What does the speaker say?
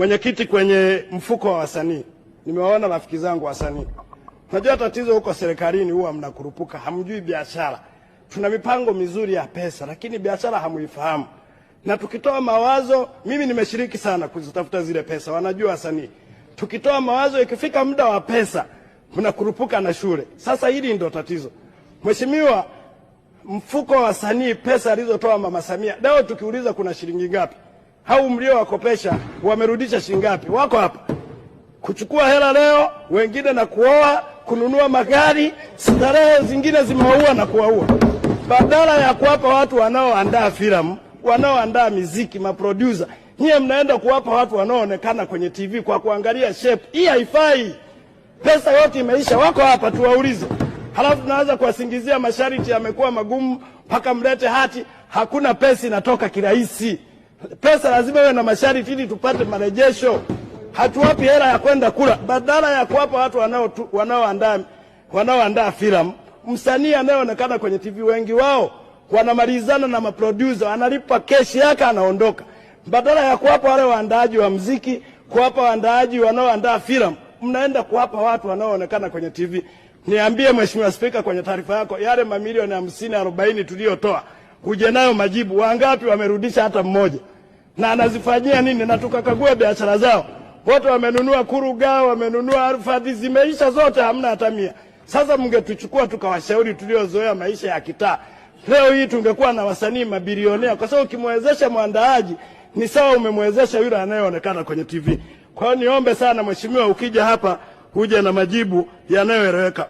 Mwenyekiti, kwenye mfuko wa wasanii nimewaona rafiki zangu wasanii. Najua tatizo huko serikalini huwa mnakurupuka, hamjui biashara. Tuna mipango mizuri ya pesa, lakini biashara hamuifahamu, na tukitoa mawazo, mimi nimeshiriki sana kuzitafuta zile pesa, wanajua wasanii. Tukitoa mawazo, ikifika muda wa pesa mnakurupuka na shule. Sasa hili ndio tatizo, Mheshimiwa. Mfuko wa wasanii, pesa alizotoa Mama Samia, leo tukiuliza kuna shilingi ngapi hao mliowakopesha wamerudisha shingapi? Wako hapa kuchukua hela leo, wengine na kuoa, kununua magari, starehe zingine zimewaua na kuwaua, badala ya kuwapa watu wanaoandaa filamu, wanaoandaa miziki, maproducer. Nyie mnaenda kuwapa watu wanaoonekana kwenye TV kwa kuangalia shape. Hii haifai, pesa yote imeisha. Wako hapa, tuwaulize. Halafu tunaanza kuwasingizia masharti yamekuwa magumu, mpaka mlete hati. Hakuna pesa inatoka kirahisi. Pesa lazima iwe na masharti ili tupate marejesho. Hatuwapi hela ya kwenda kula, badala ya kuwapa watu wanaoandaa wanaoandaa filamu. Msanii anayeonekana kwenye TV, wengi wao wanamalizana na maproducer, analipa keshi yake, anaondoka, badala ya kuwapa wale waandaaji wa mziki, kuwapa waandaaji wanaoandaa filamu, mnaenda kuwapa watu wanaoonekana kwenye TV. Niambie Mheshimiwa Spika, kwenye taarifa yako, yale mamilioni hamsini arobaini tuliyotoa, huje nayo majibu, wangapi wamerudisha hata mmoja? na anazifanyia nini, na tukakagua biashara zao. Wote wamenunua kuruga, wamenunua arfadhi, zimeisha zote, hamna hata mia. Sasa mngetuchukua tukawashauri, tuliozoea maisha ya kitaa, leo hii tungekuwa na wasanii mabilionea, kwa sababu ukimwezesha mwandaaji ni sawa umemwezesha yule anayeonekana kwenye TV. Kwa hiyo niombe sana mheshimiwa, ukija hapa huja na majibu yanayoeleweka.